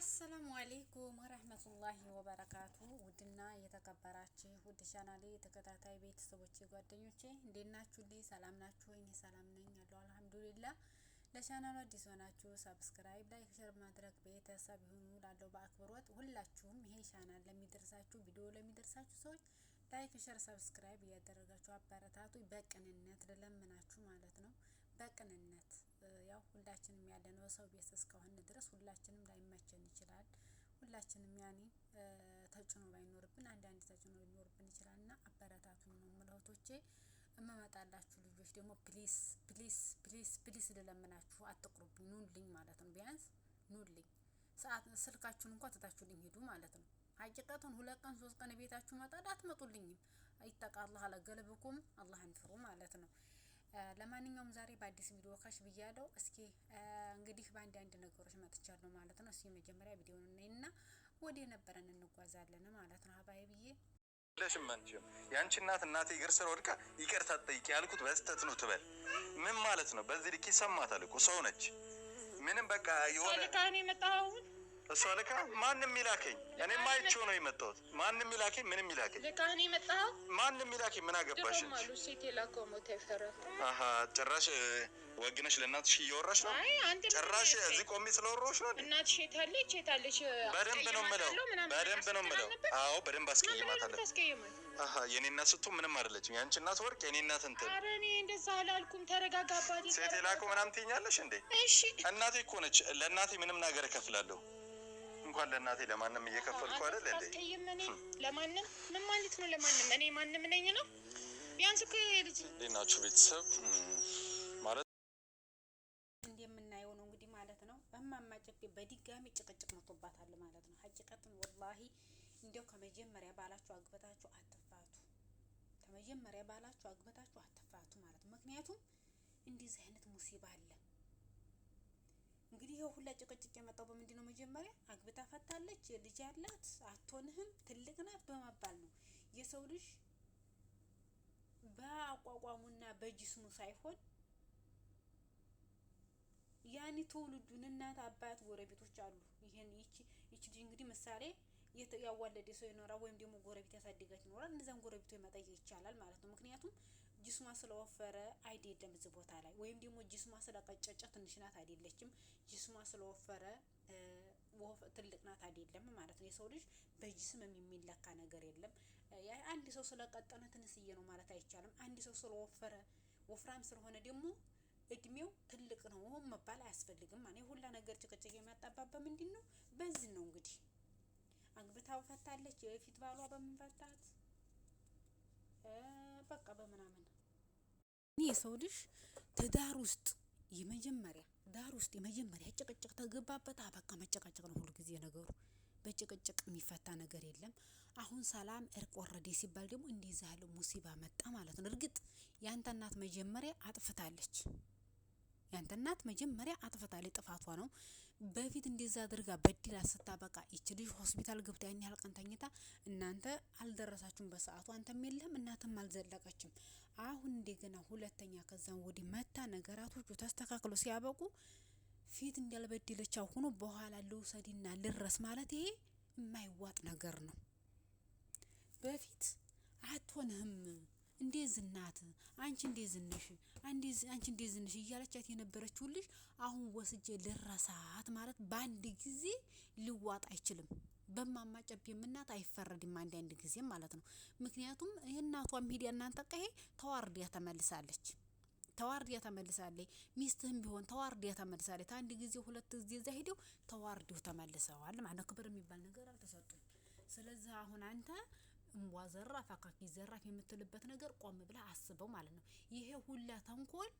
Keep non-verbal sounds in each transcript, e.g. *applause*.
አሰላሙ አሌይኩም ረህመቱላሂ ወበረካቱ። ውድና የተከበራችሁ ውድ ቻናሌ ተከታታይ ቤተሰቦቼ፣ ጓደኞቼ እንዴት ናችሁልኝ? ሰላም ናችሁ? እኔ ሰላም ነኝ አለሁ አልሐምዱሊላህ። ለቻናሉ አዲስ ሆናችሁ ሰብስክራይብ፣ ላይክ፣ ሸር ማድረግ ቤተሰብ ይሁኑ ላለው በአክብሮት ሁላችሁም ይሄ ቻናል ለሚደርሳችሁ ቪዲዮ ለሚደርሳችሁ ሰዎች ላይክ፣ ሸር፣ ሰብስክራይብ እያደረጋችሁ አበረታቱ በቅንነት ልለምናችሁ ማለት ነው። በቅንነት ያው ሁላችንም ያለነው ሰው ቤት እስከሆነ ድረስ ሁላችንም ላይመቸን ይችላል። ሁላችንም ያኔ ተጭኖ ላይኖርብን አንዳንድ ተጭኖ ሊኖርብን ይችላል። እና አበረታቱኝ ነው የምለው እመመጣላችሁ ልጆች ደግሞ ፕሊስ ፕሊስ ፕሊስ ፕሊስ ልለምናችሁ አትቅሩብኝ፣ ኑልኝ ማለት ነው። ቢያንስ ኑልኝ፣ ሰዓት ስልካችሁን እንኳ ትታችሁልኝ ሂዱ ማለት ነው። ሀቂቀቱን ሁለት ቀን ሶስት ቀን ቤታችሁ መጣል አትመጡልኝም። ይጠቃ አላህ አለገልብኩም አላህ ፍሩ ማለት ነው። ለማንኛውም ዛሬ በአዲስ ቪዲዮ ካሽ ብያለው። እስኪ እንግዲህ በአንድ አንድ ነገሮች መጥቻለሁ ማለት ነው። እስኪ መጀመሪያ ቪዲዮን እናይና ወደ ነበረን እንጓዛለን ማለት ነው። አባይ ብዬ ለሽም አንቺም የአንቺ እናት እናቴ እግር ስር ወድቃ ይቅርታ ጠይቂ ያልኩት በስተት ነው ትበል። ምን ማለት ነው? በዚህ ልክ ይሰማታል እኮ ሰው ነች። ምንም በቃ የሆነ እሷ ልካ ማንም ይላከኝ፣ እኔ ማይቼው ነው የመጣሁት። ማንም ይላከኝ፣ ምንም ይላከኝ፣ ልካህን የመጣኸው ማንም ይላከኝ፣ ምን አገባሽ እንጂ ጭራሽ ወግነሽ ለእናትሽ እየወራሽ ነው። ጭራሽ እዚህ ቆሜ ስለወሮሽ ነው። እናትሽ የታለች? የታለች? በደንብ ነው የምለው፣ በደንብ ነው የምለው። አዎ በደንብ አስቀይማታለሁ። የኔ እናት ስትሆን ምንም አይደለችም። የአንቺ እናት ወርቅ፣ የኔ እናት እንትን። ኧረ እኔ እንደዛ አላልኩም። ተረጋጋ ሴት የላከው ምናምን ትይኛለሽ እንዴ? እሺ እናቴ እኮ ነች። ለእናቴ ምንም ነገር እከፍላለሁ እንኳን ለእናቴ ለማንም እየከፈልኩ አይደል እንዴ? ለማንም ምን ማለት ነው? ለማንም እኔ ማንም ነኝ ነው? ቢያንስ እኮ ልጅ ናችሁ ቤተሰብ ማለት እንደምናየው ነው እንግዲህ ማለት ነው። እማማ በድጋሚ ጭቅጭቅ መቶባታል ማለት ነው። ሀቂቀትን ወላሂ እንዲያው ከመጀመሪያ ባላችሁ አግበታችሁ አትፋቱ። ከመጀመሪያ ባላችሁ አግበታችሁ አትፋቱ ማለት ነው። ምክንያቱም እንደዚህ አይነት ሙሲባ አለ። እንግዲህ ይሄ ሁላ ጭቅጭቅ የመጣው በምንድን ነው? መጀመሪያ አግብታ ፈታለች፣ ልጅ ያላት አትሆንህም፣ ትልቅ ናት በመባል ነው። የሰው ልጅ በአቋቋሙና በጅስሙ ሳይሆን ያኔ ትውልዱን እናት፣ አባት፣ ጎረቤቶች አሉ። ይህን ይቺ ይቺ እንግዲህ ምሳሌ ያዋለደ ሰው ይኖራል፣ ወይም ደግሞ ጎረቤት ያሳደጋች ይኖራል። እነዛን ጎረቤቶ መጠየቅ ይቻላል ማለት ነው። ምክንያቱም ጅስማ ስለወፈረ አይደለም እዚህ ቦታ ላይ ወይም ደግሞ ጅስማ ስለቀጨጨ ትንሽ ናት አይደለችም። ጅስማ ስለወፈረ ትልቅ ናት አይደለም ማለት ነው። የሰው ልጅ በጅስም የሚለካ ነገር የለም። አንድ ሰው ስለቀጠነ ትንስዬ ነው ማለት አይቻልም። አንድ ሰው ስለወፈረ ወፍራም ስለሆነ ደግሞ እድሜው ትልቅ ነው መባል አያስፈልግም። ማለት ሁላ ነገር ጭቅጭቅ የሚያጣባበት ምንድን ነው? በዚህ ነው እንግዲህ አግብታ ፈታለች። የፊት ባሏ በምንፈታት በቃ በምናምን ይህ የሰው ልጅ ትዳር ውስጥ የመጀመሪያ ዳር ውስጥ የመጀመሪያ ጭቅጭቅ ተገባበት፣ አበቃ መጨቃጨቅ ነው ሁሉ ጊዜ ነገሩ። በጭቅጭቅ የሚፈታ ነገር የለም። አሁን ሰላም እርቅ ወረዴ ሲባል ደግሞ እንደዚህ ያለ ሙሲባ መጣ ማለት ነው። እርግጥ ያንተ እናት መጀመሪያ አጥፍታለች። ያንተ እናት መጀመሪያ አጥፍታለች፣ ጥፋቷ ነው በፊት እንደዛ አድርጋ በድላ ስታበቃ ይች ልጅ ሆስፒታል ገብታ ያን ያህል ቀን ተኝታ እናንተ አልደረሳችሁም በሰዓቱ፣ አንተም የለህም፣ እናትም አልዘለቀችም። አሁን እንደገና ሁለተኛ ከዛም ወዲህ መታ ነገራቶቹ ተስተካክሎ ሲያበቁ ፊት እንዳልበድለች ሆኖ በኋላ ልውሰድና ልረስ ማለት ይሄ የማይዋጥ ነገር ነው። በፊት አትሆንህም እንዴ ዝናት አንቺ እንዴ ዝንሽ አንቺ እንዴ ዝንሽ እያለቻት የነበረችው ልጅ አሁን ወስጄ ልረሳት ማለት በአንድ ጊዜ ሊዋጥ አይችልም። በማማጨብ የምናት አይፈረድም አንድ አንድ ጊዜ ማለት ነው። ምክንያቱም የእናቷ ሚዲያ እናንተ ቀሄ ተዋርዲያ ተመልሳለች ተዋርዲያ ተመልሳለች። ሚስትህም ቢሆን ተዋርዲያ ተመልሳለች። አንድ ጊዜ ሁለት ጊዜ እዛ ሄደው ተዋርዲው ተመልሰዋል ማለት ነው። ክብር የሚባል ነገር አልተሰጡም። ስለዚህ አሁን አንተ እምቧ ዘራፍ አካኪ ዘራፍ የምትልበት ነገር ቆም ብለህ አስበው ማለት ነው። ይሄ ሁላ ተንኮል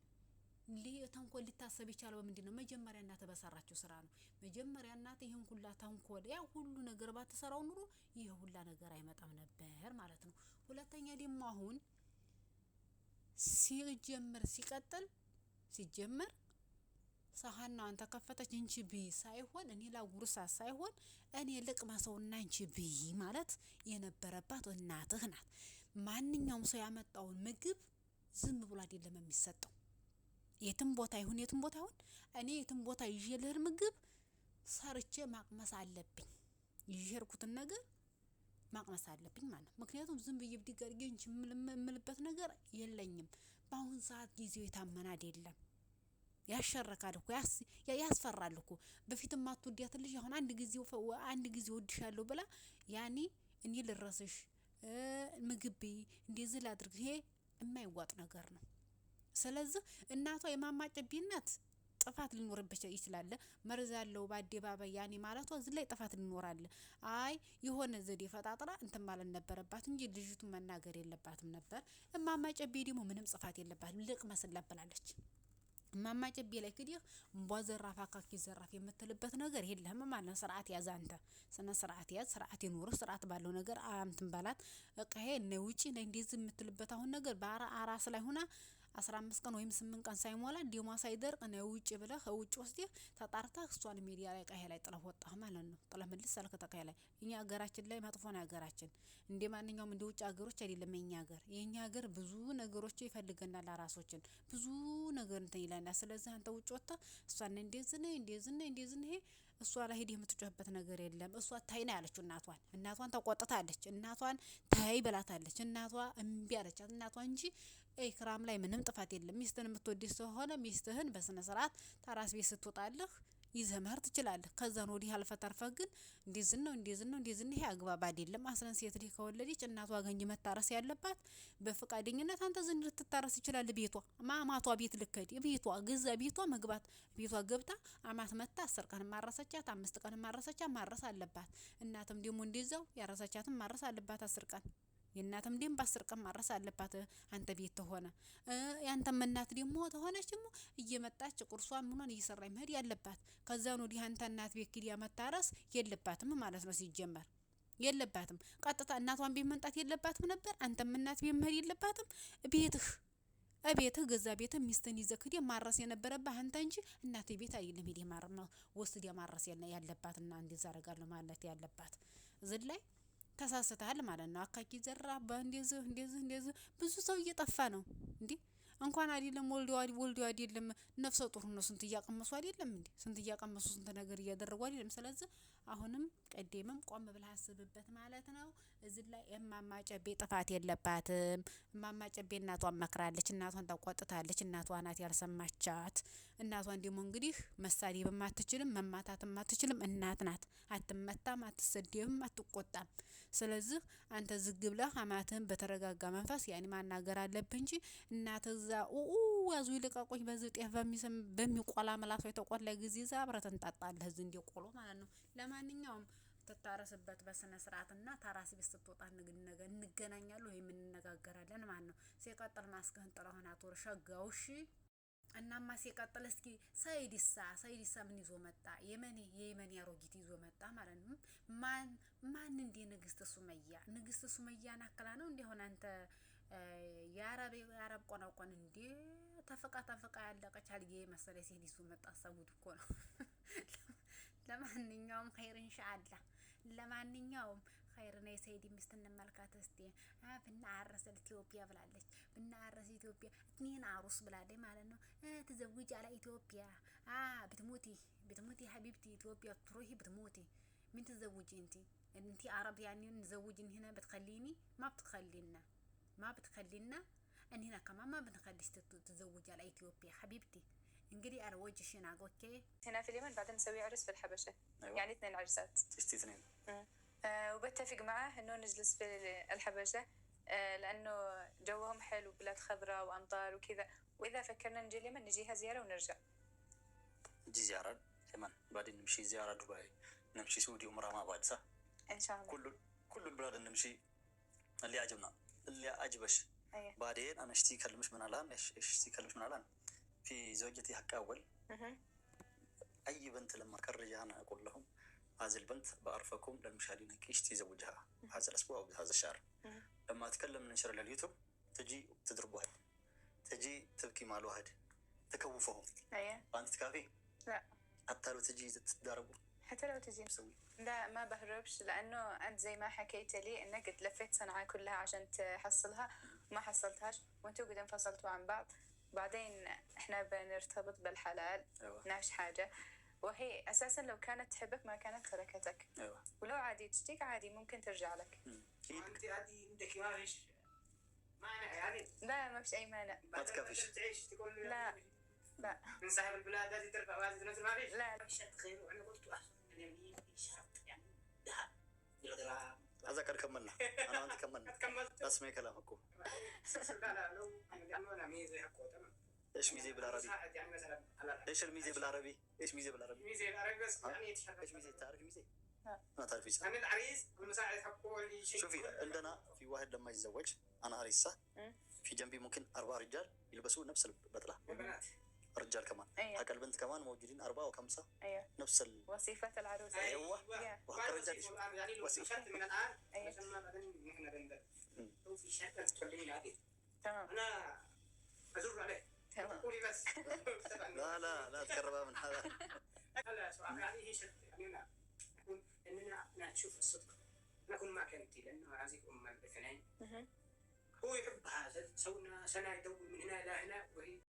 ተንኮል ሊታሰብ የቻለው በምንድን ነው? መጀመሪያ እናተ በሰራችው ስራ ነው። መጀመሪያ እናተ ይህን ሁላ ተንኮል ያ ሁሉ ነገር ባትሰራው ኑሮ ይህ ሁላ ነገር አይመጣም ነበር ማለት ነው። ሁለተኛ ደግሞ አሁን ሲጀምር ሲቀጥል ሲጀምር አንተ ተከፈተች እንቺ ቢ ሳይሆን እኔ ላጉርሳ ሳይሆን እኔ ልቅማ ሰውና እንቺ ቢ ማለት የነበረባት እናትህ ናት። ማንኛውም ሰው ያመጣውን ምግብ ዝም ብሎ አይደለም የሚሰጠው። የትም ቦታ ይሁን የትም ቦታ ይሁን እኔ የትም ቦታ ይዤ ልህር ምግብ ሰርቼ ማቅመስ አለብኝ። ይዤ ሄድኩትን ነገር ማቅመስ አለብኝ ማለት ነው። ምክንያቱም ዝም ብዬ ብድግ አድርጌ እንጂ የምልበት ነገር የለኝም። በአሁን ሰዓት ጊዜው የታመነ አይደለም። ያሸረካል እኮ ያስፈራል እኮ። በፊት ማትወዳትን ልጅ አሁን አንድ ጊዜ አንድ ጊዜ ወድሻለሁ ብላ ያኔ እኔ ልረስሽ ምግቤ እንደዚህ ላድርግ፣ ይሄ የማይዋጥ ነገር ነው። ስለዚህ እናቷ የማማጨቢ እናት ጥፋት ሊኖርበት ይችላል። መርዝ ያለው በአደባባይ ያኔ ማለቷ እዚህ ላይ ጥፋት ሊኖራል። አይ የሆነ ዘዴ ፈጣጥራ እንትን ማለት ነበረባት እንጂ ልጅቱ መናገር የለባትም ነበር። እማማ ጨቤ ደግሞ ምንም ጥፋት የለባትም ልቅመስላ ብላለች። ማማጨቤ ላይ ክዲህ እንቧ ዘራፍ አካኪ ዘራፍ የምትልበት ነገር የለህም ማለት ነው። ስርዓት ያዝ አንተ ስነ ስርዓት ያዝ፣ ስርዓት ይኖር ስርዓት ባለው ነገር አምትን ባላት እቃሄ ነ ውጪ ነ እንደዚህ የምትልበት አሁን ነገር በአራስ ላይ ሁና አስራ ቀን ወይም ስምንት ቀን ሳይሞላ ዲማ ሳይደርቅ ነው ውጭ ብለህ ከውጭ ወስደህ ተጣርተህ እሷን ሚዲያ ላይ ቀሄ ላይ ጥለህ ወጣህ ማለት ነው። ጥለህ ምልስ አልክ ተቀሄ ላይ። እኛ ሀገራችን ላይ መጥፎ ነው ሀገራችን። እንደ ማንኛውም እንደ ውጭ ሀገሮች አይደለም የኛ ሀገር። የኛ ሀገር ብዙ ነገሮች ይፈልገናል፣ አራሶችን ብዙ ነገር እንትን ይለናል። ስለዚህ አንተ ውጭ ወጥተህ እሷን እንደዝነ እንደዝነ እንደዝነ ይሄ እሷ ላይ ሄድ የምትጮህበት ነገር የለም። እሷ ታይ ነው ያለችው እናቷን እናቷን ተቆጥታለች። እናቷን ታይ ብላታለች። እናቷ እምቢ አለቻት እናቷ እንጂ ክራም ላይ ምንም ጥፋት የለም። ሚስትህን የምትወድ ስለሆነ ሚስትህን በስነ ስርዓት ታራስ ቤት ስትወጣለህ ይዘህ መህር ትችላለህ። ከዛን ወዲህ አልፈ ግን እንዲዝን ነው እንዲዝን ነው እንዲዝን ይሄ አግባብ አይደለም። አስረን ሴት ልጅ ከወለደች እናቷ ገኝ መታረስ ያለባት በፈቃደኝነት አንተ ዝን ልትታረስ ይችላል። ቤቷ ማማቷ ቤት ልከድ ቤቷ ግዛ ቤቷ መግባት ቤቷ ገብታ አማት መታ አስር ቀን ማረሰቻት አምስት ቀን ማረሰቻት ማረስ አለባት። እናትም ደግሞ እንደዛው ያረሰቻትን ማረስ አለባት አስር ቀን የእናትም ደም በአስር ቀን ማረስ አለባት። አንተ ቤት ተሆነ ያንተም እናት ደግሞ ተሆነች ደግሞ እየመጣች ቁርሷን ምኗን እየሰራች መሄድ ያለባት። ከዛን ወዲህ አንተ እናት ቤት ኪዲያ መታረስ የለባትም ማለት ነው ሲጀመር የለባትም። ቀጥታ እናቷን ቤት መምጣት የለባትም ነበር። አንተም እናት ቤት መሄድ የለባትም። ቤትህ እቤትህ ገዛ ቤት ሚስትን ይዘህ ሂደህ ማረስ የነበረብህ አንተ እንጂ እናቴ ቤት አይደለም። ሂደህ ማረ ወስድ ማረስ ያለባት እና እንዲዛ አደርጋለሁ ማለት ያለባት ዝላይ ተሳስተሃል ማለት ነው። አካኪ ዘራባ እንደዚህ እንደዚህ እንደዚህ ብዙ ሰው እየጠፋ ነው እንዴ እንኳን አይደለም ወልዶ ወልዶ አይደለም ነፍሰ ጡር ነው ስንት እያቀመሱ አይደለም እንዴ ስንት እያቀመሱ ስንት ነገር እያደረጉ አይደለም። ስለዚህ አሁንም ቅድምም ቆም ብለህ አስብበት ማለት ነው። እዚህ ላይ እማማ ጥፋት የለባትም። እማማ እናቷን መክራለች፣ እናቷን ተቆጥታለች። እናቷ ናት ያልሰማቻት። እናቷን ደግሞ እንግዲህ መሳደብም አትችልም፣ መማታትም አትችልም። እናት ናት፣ አትመታም፣ አትሰደብም፣ አትቆጣም። ስለዚህ አንተ ዝግ ብለህ አማትህን በተረጋጋ መንፈስ ያኔ ማናገር አለብህ እንጂ እናትህ እዛ ኡኡ ያዙ ይልቀቁኝ። በዚህ ጤፍ በሚቆላ ምላሱ የተቆለ ጊዜ ዛ አብረት እንጠጣለህ። እዚህ እንደ ቆሎ ማለት ነው። ለማንኛውም ትታረስበት በስነ ስርዓት እና ታራስ ቤት ስትወጣ ንግነገ እንገናኛሉ ወይ የምንነጋገራለን ማለት ነው። ሲቀጥል ማስክህን ጥለህን አቶር ሸጋውሺ እሺ። እናማ ሲቀጥል እስኪ ሰይድሳ ሰይድሳ ምን ይዞ መጣ? የመኔ የየመኔ አሮጊት ይዞ መጣ ማለት ነው። ማን ማን እንዴ? ንግስት ሱመያ ንግስት ሱመያን አክላ ነው እንዲሆን አንተ የአረብ የአረብ ቆናቆን እንዴ ተፍቃ ተፍቃ ያለቀች አልጌ መሰለኝ ሲል ይሱ መጣ። አሰቡት እኮ ነው። ለማንኛውም ኸይር እንሻአላ። ለማንኛውም ኸይር ነው። የሰይድ ሚስት እንመልካት እስቲ። ብናረስ ኢትዮጵያ ብላለች። ብናረስ ኢትዮጵያ እትኒን አሩስ ብላለች ማለት ነው። ትዘውጅ አላ ኢትዮጵያ ብትሞቲ ብትሞቲ ሀቢብቲ ኢትዮጵያ ትሮሂ ብትሞቲ ምን ትዘውጂ እንቲ እንቲ አረብ ያኒ ንዘውጅ እንሂነ ብትኸሊኒ ማ ብትኸሊና ማ ብትኸሊና أنا هنا كمان ما بنخليش تتزوج على إثيوبيا حبيبتي انقلي على وجه أوكي هنا في اليمن بعدين نسوي عرس في الحبشة أيوة. يعني اثنين عرسات تشتي اثنين آه وبتفق معه إنه نجلس في الحبشة آه لأنه جوهم حلو بلاد خضراء وأمطار وكذا وإذا فكرنا نجي اليمن نجيها زيارة ونرجع نجي زيارة اليمن بعدين نمشي زيارة دبي نمشي سعودي ومرة ما بعد صح؟ إن شاء الله كل كل البلاد نمشي اللي عجبنا اللي عجبش أيوة. بعدين انا اشتي كلمش من الان ايش اشتي كلمش من الان في زوجتي حق اول اي بنت لما اكرجها انا اقول لهم هذه البنت بعرفكم للمشاهدين ايش تزوجها هذا الاسبوع او هذا الشهر لما اتكلم ننشر لليوتيوب تجي تضرب واحد تجي تبكي مع الواحد تكوفهم ايوه انت تكافي؟ لا حتى لو تجي تتدربوا حتى لو تجي مسوي لا ما بهربش لانه انت زي ما حكيت لي انك لفيت صنعاء كلها عشان تحصلها ما حصلتهاش وانتوا قد انفصلتوا عن بعض بعدين احنا بنرتبط بالحلال أيوة. نعيش حاجة وهي أساسا لو كانت تحبك ما كانت تركتك أيوة. ولو عادي تشتيك عادي ممكن ترجع لك انت عادي عندك ما فيش مانع يعني لا ما فيش أي مانع ما تكفيش تعيش تقول لا يعني لا من صاحب البلاد هذه ترفع وهذه تنزل ما فيش لا ما فيش خير وأنا قلت أحسن اليمين يعني في شرط يعني ذهب بالغرام هذا كان كملنا انا وانت كملنا بس ما كلام اكو لا لا انا ميزه اكو تمام ايش ميزه بالعربي؟ يعني مثلا ايش الميزه بالعربي؟ ايش ميزه بالعربي؟ ميزه بالعربي بس يعني ايش ميزه تعرف ميزه؟ ما تعرف تعرفيش انا العريس المساعد حقه اللي شوفي عندنا في واحد لما يتزوج انا عريسه في جنبي ممكن اربع رجال يلبسوا نفس البدله والبنات رجال كمان أيوة. حق البنت كمان موجودين أربعة وخمسة أيوة. نفس ال... وصيفة العروسة أيوة, أيوة. وحق الرجال يعني لو وصيفة. من الآن أيوة. عشان ما بعدين نحن بندل لو في شك تكلمني عادي تمام أنا أزور عليك تمام قولي بس *laughs* لا لا لا تقربها من هذا لا سؤال يعني هي شرط يعني أنا أكون إننا نشوف الصدق أنا أكون معك أنت لأنه عزيز أم الاثنين هو يحبها هذا سوينا سنة يدور من هنا إلى هنا وهي